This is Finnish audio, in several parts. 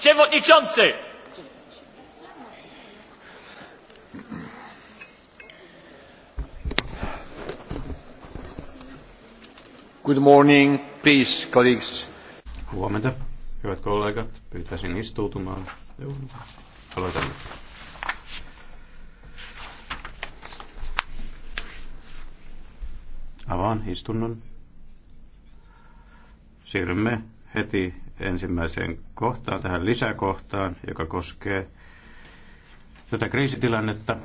Przewodniczący! Good morning, please, colleagues. Huomenta, hyvät kollegat. Pyytäisin istuutumaan. Aloitamme. Avaan istunnon. Siirrymme heti ensimmäiseen kohtaan, tähän lisäkohtaan, joka koskee tätä kriisitilannetta,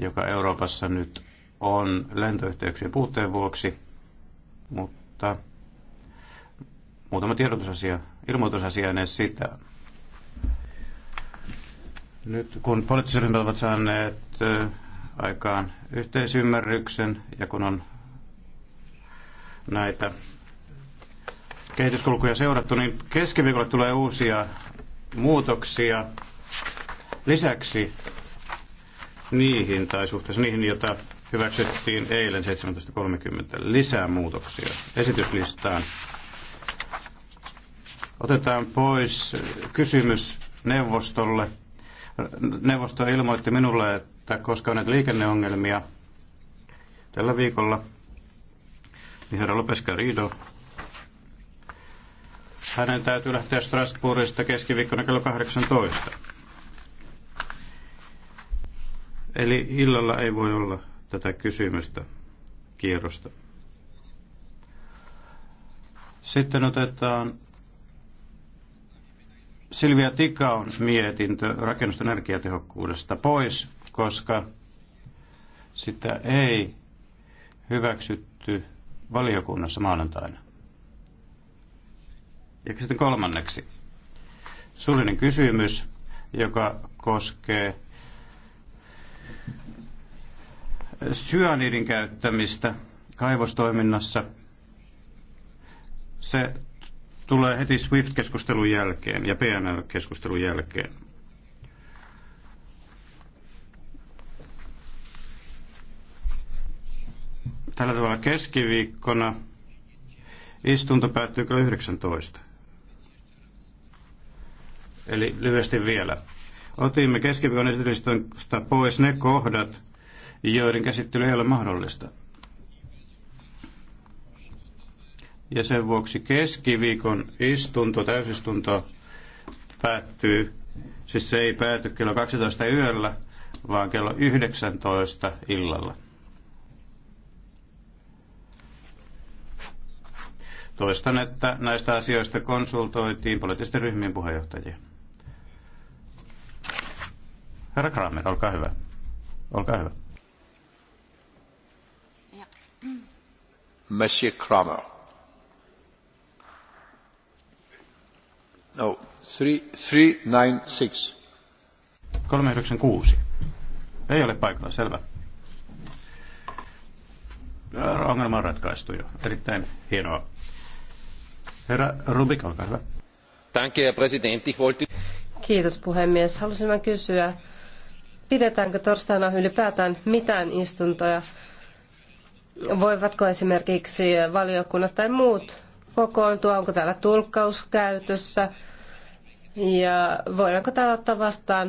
joka Euroopassa nyt on lentoyhteyksien puutteen vuoksi, mutta muutama tiedotusasia, ilmoitusasia ennen sitä. Nyt kun poliittiset ryhmät ovat saaneet aikaan yhteisymmärryksen ja kun on näitä kehityskulkuja seurattu, niin keskiviikolla tulee uusia muutoksia lisäksi niihin tai suhteessa niihin, joita hyväksyttiin eilen 17.30 lisää muutoksia esityslistaan. Otetaan pois kysymys neuvostolle. Neuvosto ilmoitti minulle, että koska on näitä liikenneongelmia tällä viikolla, niin herra Lopeska Riido hänen täytyy lähteä Strasbourgista keskiviikkona kello 18. Eli illalla ei voi olla tätä kysymystä kierrosta. Sitten otetaan Silvia Tikaun mietintö rakennusten energiatehokkuudesta pois, koska sitä ei hyväksytty valiokunnassa maanantaina. Ja sitten kolmanneksi suullinen kysymys, joka koskee syöniidin käyttämistä kaivostoiminnassa. Se tulee heti SWIFT-keskustelun jälkeen ja pnl keskustelun jälkeen. Tällä tavalla keskiviikkona istunto päättyy kello 19. Eli lyhyesti vielä. Otimme keskiviikon esityslistasta pois ne kohdat, joiden käsittely ei ole mahdollista. Ja sen vuoksi keskiviikon istunto, täysistunto päättyy, siis se ei pääty kello 12 yöllä, vaan kello 19 illalla. Toistan, että näistä asioista konsultoitiin poliittisten ryhmien puheenjohtajia. Herra Kramer, olkaa hyvä. Olkaa hyvä. Monsieur Kramer. No, 396. 396. Ei ole paikalla, selvä. Äh, ongelma on ratkaistu jo. Erittäin hienoa. Herra Rubik, olkaa hyvä. Danke, Herr Präsident. Ich wollte... Kiitos puhemies. Halusin vain kysyä, pidetäänkö torstaina ylipäätään mitään istuntoja? Voivatko esimerkiksi valiokunnat tai muut kokoontua? Onko täällä tulkkaus käytössä? Ja voidaanko täällä ottaa vastaan